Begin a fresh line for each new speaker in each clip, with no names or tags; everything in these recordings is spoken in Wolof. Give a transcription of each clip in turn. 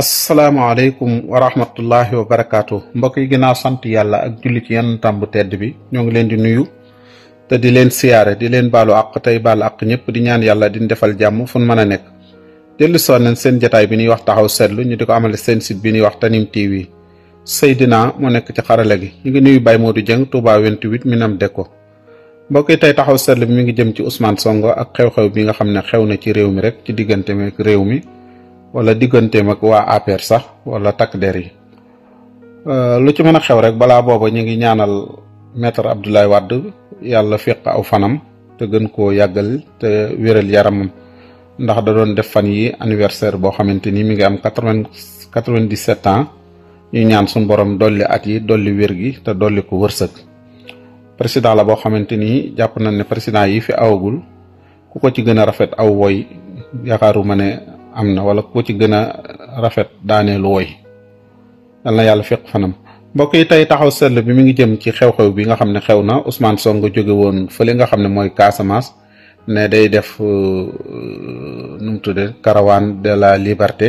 asalaamaaleykum wa rahmatullahi wa barakaatu mbokk yi ginnaaw sant yàlla ak julli ci yenn tàmbu tedd bi ñoo ngi leen di nuyu te di leen siyaare di leen baalu àq tey baalu àq ñëpp di ñaan yàlla di defal jàmm fu mën a nekk. dellu soo nañ seen jataay bi ñuy wax taxaw seetlu ñu di ko amale seen site bi ñuy wax Tanim TV Seydina moo nekk ci xarala gi ñu ngi nuyu moo Baye Modou Dieng Touba 28 Minam Deko. ko mbokki tey taxaw seetlu bi mi ngi jëm ci Ousmane Sonko ak xew-xew nga xam ne xew na ci réew mi rek ci diggante réew mi. wala digganteem ak waa APR sax wala takk der yi euh, lu ci mën a xew rek balaa booba ñu ngi ñaanal maître Abdoulaye wadd yàlla féq aw fanam te gën koo yàggal te wéral yaramam ndax da doon def fan yi anniversaire boo xamante ni mi ngi am quatre vingt quatre vingt ñu ñaan suñu borom dolli at yi dolli wér gi te dolli ko wërsëg président la boo xamante ni jàpp nañ ne président yi fi awagul ku ko ci gën a rafet aw woy yaakaaruma ne. am na wala ku ci gën a rafet daanee lu woy yal na yàlla fekk fanam mbokk yi tey taxaw seetlu bi mi ngi jëm ci xew-xew bi nga xam ne xew na Ousmane Sonko jóge woon fële nga xam ne mooy Casamance ne day def euh, nu mu tuddee caravane de la liberté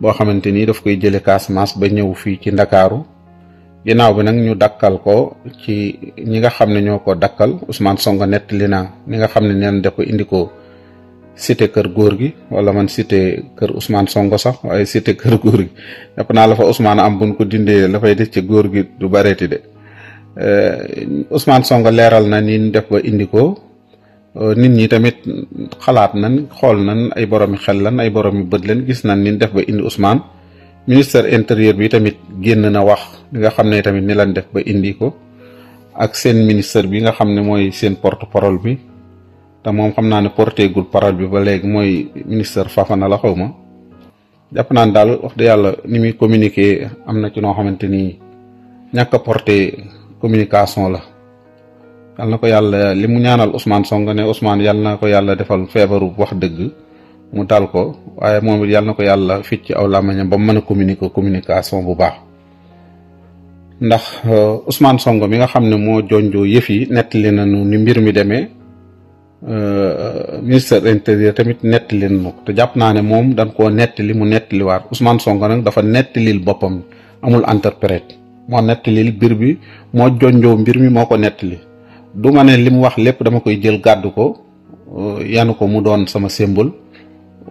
boo xamante ni daf koy jëlee Casamance ba ñëw fii ci Ndakaaru ginnaaw bi nag ñu dakkal ko ci ñi nga xam ne ñoo ko dakkal Ousmane Sonko nettali na ñi nga xam ne neen da ko indi ko cité kër góor gi wala man site kër Ousmane Sonko sax waaye cité kër góor gi yàpp naa la fa Ousmane am buñ ko dindee la fay def ci góor gi du bareeti de eh, Ousmane Sonko leeral na ni ñu def ba indi ko eh, nit ñi tamit xalaat nan xool nan ay borom xel lan ay borom yu bët leen gis na ni def ba indi Ousmane ministère intérieur bi tamit génn na wax li nga xam ne tamit ni lan def ba indi ko ak seen ministère bi nga xam ne mooy seen porte parole bi. te moom xam naa ne porté gul parole bi ba léegi mooy ministre Fafana la xaw ma jàpp naa ne daal wax dëgg yàlla ni muy communiqué am na ci noo xamante ni ñàkk porté communication la. yal na ko yàlla li mu ñaanal Ousmane Sonko ne Ousmane yal na ko yàlla defal feebaru wax dëgg mu dal ko waaye moom it yal na ko yàlla fit ci aw làmmiñam ba mu mën a communiqué communication bu baax. ndax euh, Ousmane songo mi nga xam ne moo jonjoo yëf yi nettali nañu ni mbir mi demee. Euh, ministère intérieur tamit nettali na ko te jàpp naa ne moom dañ koo nettali mu nettaliwaat Ousmane Sonko nag dafa nettalil boppam amul interprète moo nettalil mbir bi moo jonjoo mbir mi moo ko nettali du ma ne li mu wax lépp dama koy jël gàddu ko euh, yanu ko mu doon sama symbole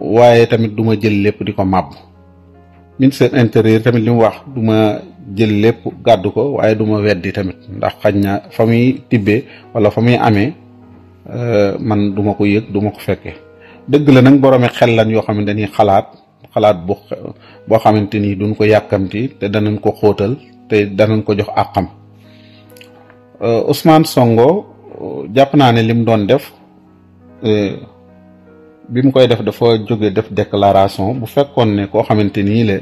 waaye tamit du ma jël lépp di ko màbb ministère intérieur tamit li mu wax du ma jël lépp gàdd ko waaye du ma weddi tamit ndax xañ na fa muy tibbee wala fa muy amee Euh, man duma ko yëg duma ko fekke dëgg la nag boromi xel lan yoo xamante ni xalaat xalaat boo xamante ni duñ ko yàkkamti te danañ ko xootal te danañ ko jox àqam euh, Ousmane songo jàpp naa ne lim doon def euh, bi mu koy def dafa jóge def déclaration bu fekkoon ne koo xamante nii la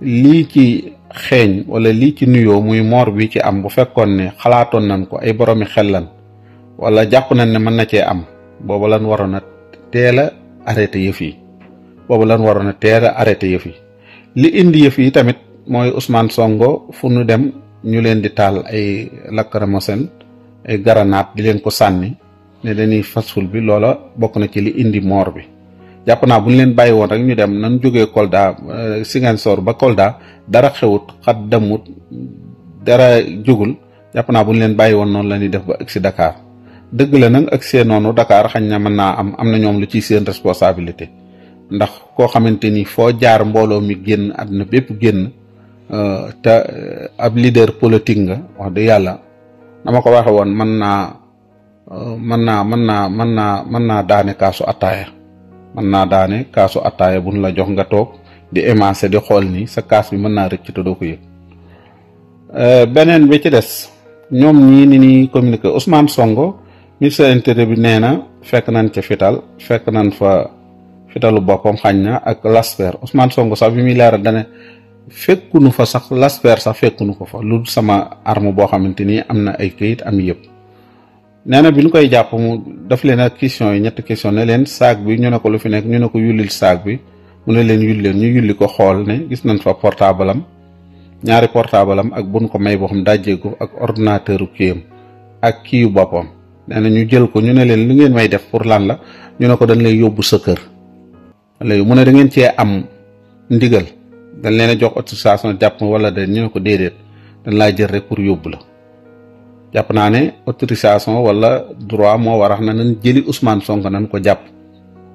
lii ci xeeñ wala lii ci nuyoo muy moor bi ci am bu fekkoon ne xalaatoon nañ ko ay boroomi xel lan wala jàpp nañ ne mën na cee am booba lan waroon a teel a arrêté yëf yi booba lan waroon a teel a arrêté yëf li indi yëf yi tamit mooy Ousmane songo fu nu dem ñu leen di taal ay lacrymogène ay garanaat di leen ko sànni ne dañuy fasful bi loola bokk na ci li indi moor bi jàpp naa bu ñu leen bàyyi woon rek ñu dem nan jógee Kolda euh, Ziguinchor ba Kolda dara xewut xat demut dara jógul jàpp naa bu ñu leen bàyyi woon noonu la ñuy def ba ëgg si dëgg la nag ak seen noonu Dakar xañ na man naa am am na ñoom lu ciy seen responsabilité ndax koo xamante ni foo jaar mbooloo mi génn àdduna bépp génn euh, te euh, ab leader politique nga wax dëgg yàlla dama ko waxe woon man naa euh, mën naa mën naa mën naa mën naa daane kaasu attaaya mën naa daane kaasu attaaya bu nu la jox nga toog di émancé di xool nii sa kaas bi mën naa rëcc te doo ko yëg beneen bi ci des ñoom ñii ni ni communiqué Ousmane ministère intérieur bi nee na fekk nañ ca fital fekk nañ fa fitalu boppam xañ na ak lasper Ousmane Sonko sax bi muy leeral dane fekkunu fa sax lasper sax fekkunu ko fa lu sama arme boo xamante ni am na ay këyit am yëpp nee na bi ñu koy jàpp mu daf leen ak question yi ñetti question ne leen saag bi ñu ne ko lu fi nekk ñu ne ko yullil saag bi mu ne leen yulli leen ñu yulli ko xool ne gis nañ fa portable ñaari portable am ak buñ ko may boo xam dajjeeku ak ordinateur u ak kiyu boppam nee na ñu jël ko ñu ne leen lu ngeen may def pour lan la ñu ne ko dañ lay yóbbu sa kër léegi mu ne da ngeen cee am ndigal dañ leen jox autorisation jàpp wala de ñu ko déedéet dañ laa jël rek pour yóbbu la jàpp naa ne autorisation wala droit moo warax na nañ jëli Ousmane sonk nañ ko jàpp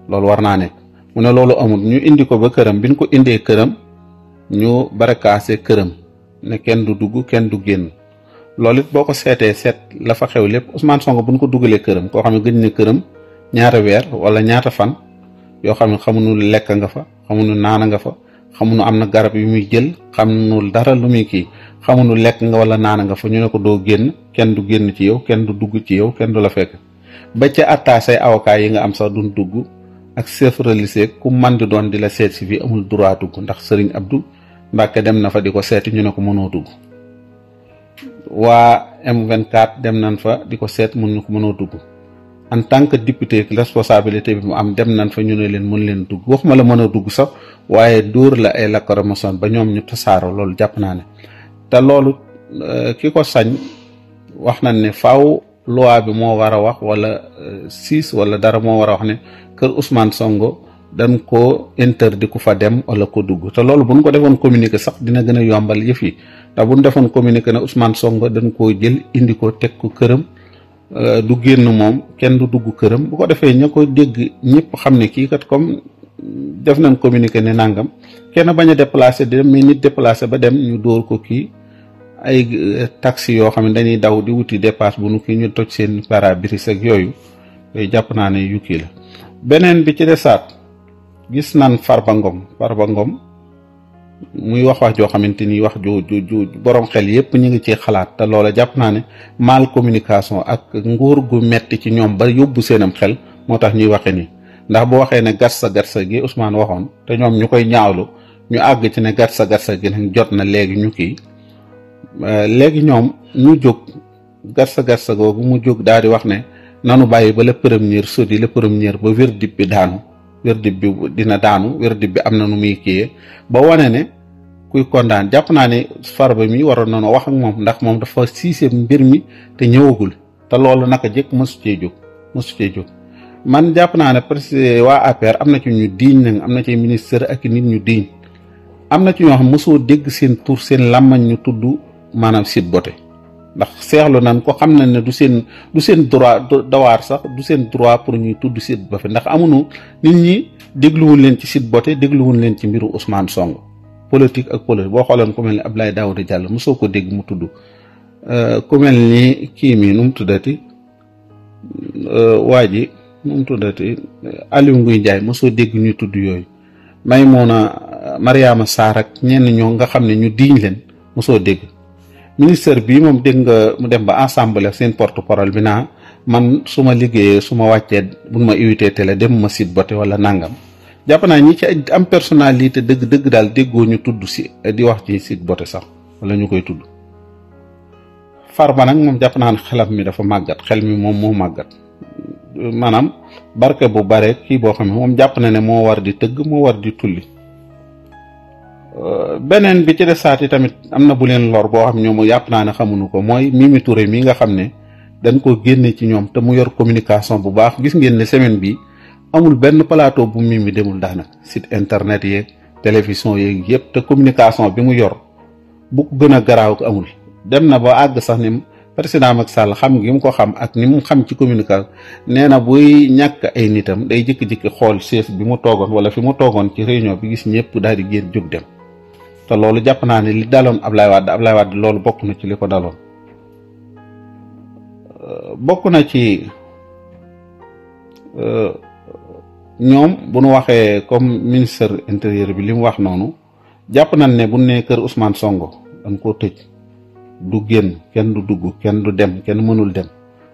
loolu war naa ne mu ne loolu amul ñu indi ko ba këram bi ñu ko indee këram ñu barakaase këram ne kenn du dugg kenn du génn. loolu it boo ko seetee seet la fa xew lépp Ousmane Sonko bu ñu ko dugalee këram koo xam ne gëj na këram ñaata weer wala ñaata fan yoo xam ne xamuñu lekk nga fa xamuñu naana nga fa xamuñu am na garab yu muy jël xamuñu dara lu muy kii xamuñu lekk nga wala naana nga fa ñu ne ko doo génn kenn du génn ci yow kenn du dugg ci yow kenn du la fekk ba ca attaa say yi nga am sax dun dugg ak chef religieux ku man doon di la seet amul droit dugg ndax Serigne Abdou Mbacke dem na fa di ko seeti ñu ne ko mënoo dugg waa M24 dem nañ fa di ko seet mun ñu ko mënoo dugg en tant que député ak responsabilité bi mu am dem nañ fa ñu ne leen mun leen dugg wax ma la mën a dugg sax waaye dóor la ay lacrymogène ba ñoom ñu tasaaroo loolu jàpp naa ne te loolu euh, ki ko sañ wax nañ ne faw loi bi moo war a wax wala euh, siis wala dara moo war a wax ne kër Ousmane Sonko dañ ko interdit ku fa dem wala ko dugg te loolu bu buñ ko defoon communiqué sax dina gën a yombal yëf yi ndax buñ defoon communiqué ne Ousmane Sonko dañ koo jël indi ko teg ko këram euh, du génn moom kenn du dugg këram bu ko defee ñu ko dégg ñëpp xam ne kii kat comme def nañ communiqué ne nangam kenn bañ a déplacé dem mais nit déplacé ba dem ñu dóor ko kii ay euh, taxi yoo xam ne dañuy daw di wuti dépasse bu nu kii ñu toj seen pare-brise ak yooyu yooyu jàpp naa ne yu gis naan Farba Ngom Farba Ngom muy wax wax joo xamante ni wax ju ju ju boroom xel yépp ñu ngi ci xalaat te loola jàpp naa ne mal communication ak nguur gu metti ci ñoom ba yóbbu seenam xel moo tax ñuy waxe ni ndax bu waxee ne garsa garsa gi Ousmane waxoon te ñoom ñu koy ñaawlu ñu àgg ci ne garsa garsa gi nag jot na léegi ñu kii euh, léegi ñoom ñu jóg garsa garsa googu mu jóg daal di wax ne nanu bàyyi ba le premier sodi le premier ba verdict bi daanu wér bi dina daanu wér bi am na nu muy kiyee ba wane ne kuy condamné jàpp naa ne farba mi waroon nañoo wax ak moom ndax moom dafa siisee mbir mi te ñëwagul te loolu naka jëkk mësu cee jóg mësu cee man jàpp naa ne parce waa APR am na ci ñu diiñ nag am na ci ministère ak nit ñu diiñ am na ci ñoo xam mësoo dégg seen tur seen làmmañ ñu tudd maanaam site bote ndax seexlu nan ko xam nañ ne du seen du seen droit dawaar sax du seen droit pour ñuy tudd site ba fi ndax amuñu nit ñi dégluwuñ leen ci site bote dégluwuñ leen ci mbiru Ousmane Sonko politique ak politique boo xooloon ku mel ni Abdoulaye Daouda Diallo mosoo ko dégg mu tudd euh, ku mel ni kii mi nu mu tuddati euh, waa ji nu mu tuddati Aliou Nguy Ndiaye mosoo dégg ñuy tudd yooyu Maymuna Mariama Sarr ak ñenn ñoo nga xam ne ñu diiñ leen mosoo dégg ministère bi moom dégg nga mu dem ba ensemble seen porte parole bi naa man su ma liggéeyee su ma wàccee bu nu ma invité télé dem ma site bote wala nangam jàpp naa ñi ci am personnalité dëgg-dëgg daal déggoo ñu tudd si di wax ci site bote sax wala ñu koy tudd Farba nag moom jàpp naa ne xelam mi dafa màggat xel mi moom moo màggat maanaam barke bu bare kii boo xam ne moom jàpp na ne moo war di tëgg moo war di tulli. beneen bi ci des saati tamit am na bu leen lor boo xam ñoom yàpp naa ne xamuñu ko mooy Mimi Touré mii nga xam ne dañ ko génne ci ñoom te mu yor communication bu baax gis ngeen ne semaine bi amul benn plateau bu mii Mimi demul daanaka site internet yeeg télévision yeeg yëpp te communication bi mu yor bu ko gën a garaaw ko amul dem na ba àgg sax ni président Macky Sall xam gi mu ko xam ak ni mu xam ci communication nee na buy ñàkk ay nitam day jëkki-jëkki xool chef bi mu toogoon wala fi mu toogoon ci réunion bi gis ñëpp daal di génn jóg dem te loolu jàpp naa ne li daloon Ablaye Wade Ablaye Wade loolu bokk na ci li ko daloon euh, bokk na ci euh, ñoom bu nu waxee comme ministre intérieur bi li mu wax noonu jàpp nañ ne bu nee kër Ousmane songo dañ koo tëj du génn kenn du dugg kenn du dem kenn mënul dem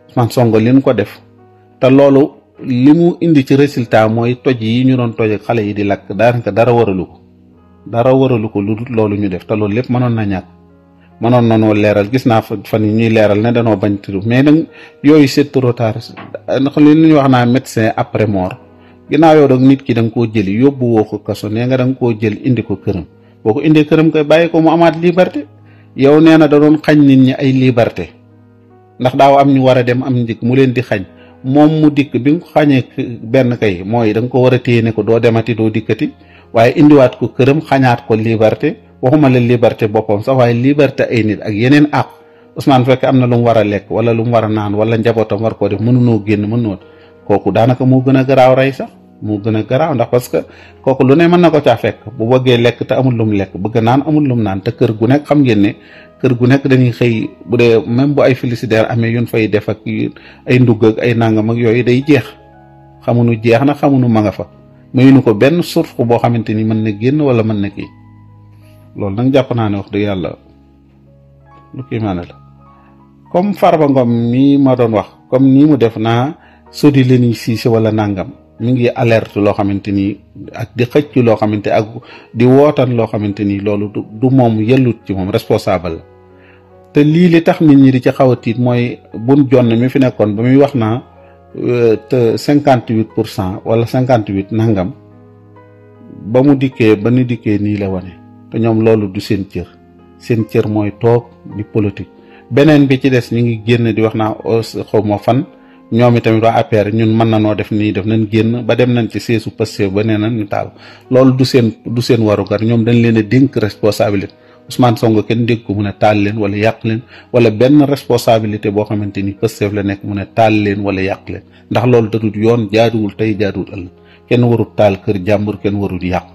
Ousmane songo li ñu ko def te loolu li mu indi ci résultat mooy toj yi ñu doon toj xale yi di lakk daanaka dara waralu ko dara waralu ko lu dul loolu ñu def te loolu lépp mënoon na ñàkk mënoon na noo leeral gis naa fa fan ñuy leeral ne danoo bañ turu mais nag yooyu c'est trop tard ndax li ñu wax naa médecin après mort ginnaaw yow nag nit ki da koo jëli yóbbu woo ko kaso nee nga da nga koo jël indi ko këram boo ko indee këram koy bàyyi ko mu amaat liberté yow nee na da xañ nit ñi ay liberté ndax daaw am ñu war a dem am njëkk mu leen di xañ moom mu dikk bi nga ko xañee benn kay mooy da nga ko war a téye ne ko doo demati doo dikkati. waaye indiwaat ko këram xañaat ko liberté waxuma la liberté boppam sax waaye liberté ay nit ak yeneen àq Ousmane fekk am na lu mu war a lekk wala lu mu war a naan wala njabootam war koo def mënunoo génn mënunoo kooku daanaka moo gën a garaaw rey sax moo gën a garaaw ndax parce que kooku lu ne mën na ko caa fekk bu bëggee lekk te amul lum lekk bëgg naan amul lum naan te kër gu nekk xam ngeen ne kër gu nekk dañuy xëy bu dee même bu ay félicitaires amee yun fay def ak ay ndugg ak ay nangam ak yooyu day jeex xamuñu jeex na xamuñu ma nga fa. mayuñu ko benn surf boo xamante ni mën na génn wala mën na kii loolu nag jàpp naa ne wax dëgg yàlla lu kii maane la comme Farba Ngom mii ma doon wax comme nii mu def naa sodi leen siise wala nangam mi ngi alerte loo xamante ni ak di xëcc loo xamante ak di wootan loo xamante ni loolu du moom yellut ci moom responsable te lii li tax nit ñi ci xaw tiit mooy bu jonn mi fi nekkoon ba muy wax naa te cinquante huit pour cent wala cinquante huit nangam ba mu dikkee ba nu dikkee nii la wane te ñoom loolu du seen cër seen cër mooy toog di politique beneen bi ci des ñu ngi génn di wax naa oh, xaw ma fan ñoom itamit waa APR ñun mën na noo def nii def nañ génn ba dem nañ ci seesu Pastef ba nee nañ ñu taal loolu du seen du seen warugar ñoom dañ leen a dénk responsabilité Ousmane Sonko kenn dégg ko mu ne taal leen wala yàq leen wala benn responsabilité boo xamante ni Pastef la nekk mu ne taal leen wala yàq leen ndax loolu dadul yoon jaaduwul tey jaaduwul ëllëg kenn warul taal kër jàmbur kenn warul yàq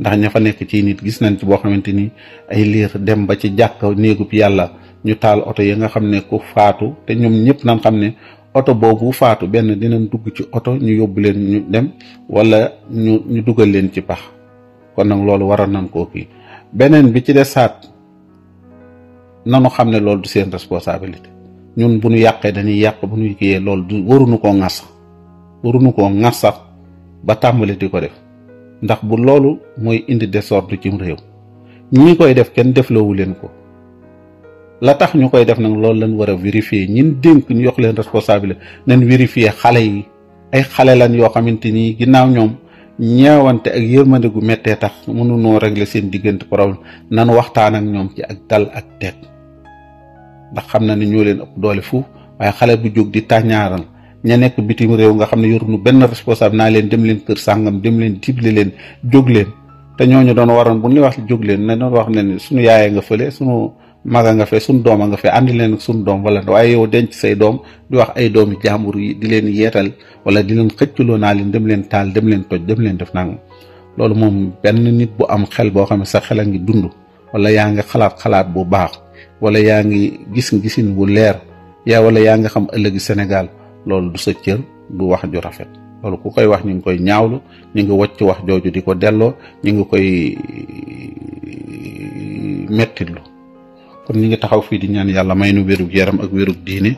ndax ña fa nekk ci nit gis nañ ci boo xamante ni ay liir dem ba ci jàkka néegub yàlla ñu taal oto yi nga xam ne ku faatu te ñoom ñëpp nañ xam ne oto boobu faatu benn dinañ dugg ci oto ñu yóbbu leen ñu dem wala ñu ñu dugal leen ci pax kon nag loolu waroon nañ koo beneen bi ci des saat nanu xam ne loolu du seen responsabilité ñun bu ñu yàqee dañuy yàq bu ñu kiyee loolu du waruñu koo ŋas waruñu koo ŋas sax ba tàmbali di ko def ndax bu loolu mooy indi désordre cim réew ñi koy def kenn defloowu leen ko la tax ñu koy def nag loolu lañ war a vérifier ñin dénk ñu yox leen responsabilité nen vérifier xale yi ay xale lan yoo xamante ni ginnaaw ñoom ñeewante ak yërmande gu mettee tax mënunoo régler seen diggante problème nanu waxtaan ak ñoom ci ak dal ak teeg ndax xam na ni ñoo leen ëpp doole fu waaye xale bu jóg di tàññaaral ña nekk bitim réew nga xam ne yoruñu benn responsable naa leen dem leen kër sàngam dem leen tibli leen jóg leen te ñooñu doon waroon bu ñu wax jóg leen na doon wax leen suñu yaayee nga fële sunu maga nga fe sun doom a nga fe àndi leen sun doom wala waaye yow denc say doom di wax ay doomi jàmbur yi di leen yeetal wala di leen xëcculoo naa leen dem leen taal dem leen toj dem leen def nangam loolu moom benn nit bu am xel boo xam ne sa xel a ngi dund wala yaa ngi xalaat xalaat bu baax wala yaa ngi gis gisin bu leer yaa wala yaa ngi xam ëllëgi senegal loolu du sa cër du wax ju rafet loolu ku koy wax ñu ngi koy ñaawlu ñu ngi wacc wax jooju di ko delloo ñu ngi koy euh, mettitlu kon ñu ngi taxaw fii di ñaan yàlla may nu wérug yaram ak wérug diine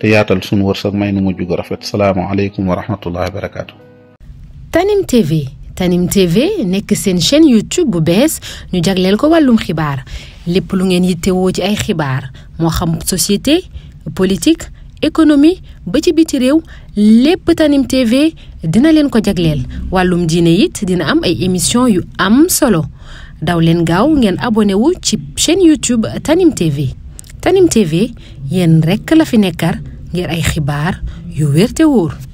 te yaatal sunu wërsëg may nu mujj gu rafet salaamaaleykum wa rahmatullahi wa barakaatu. Tanim TV Tanim TV nekk seen chaîne YouTube bu bees ñu jagleel ko wàllum xibaar lépp lu ngeen yittewoo ci ay xibaar moo xam société politique économie ba ci biti réew lépp Tanim TV dina leen ko jagleel wàllum diine it dina am ay émission yu am solo. daw leen gaaw ngeen abonné wu ci chaîne YouTube Tanim TV Tanim TV yéen rekk la fi nekkar ngir ay xibaar yu wér te wóor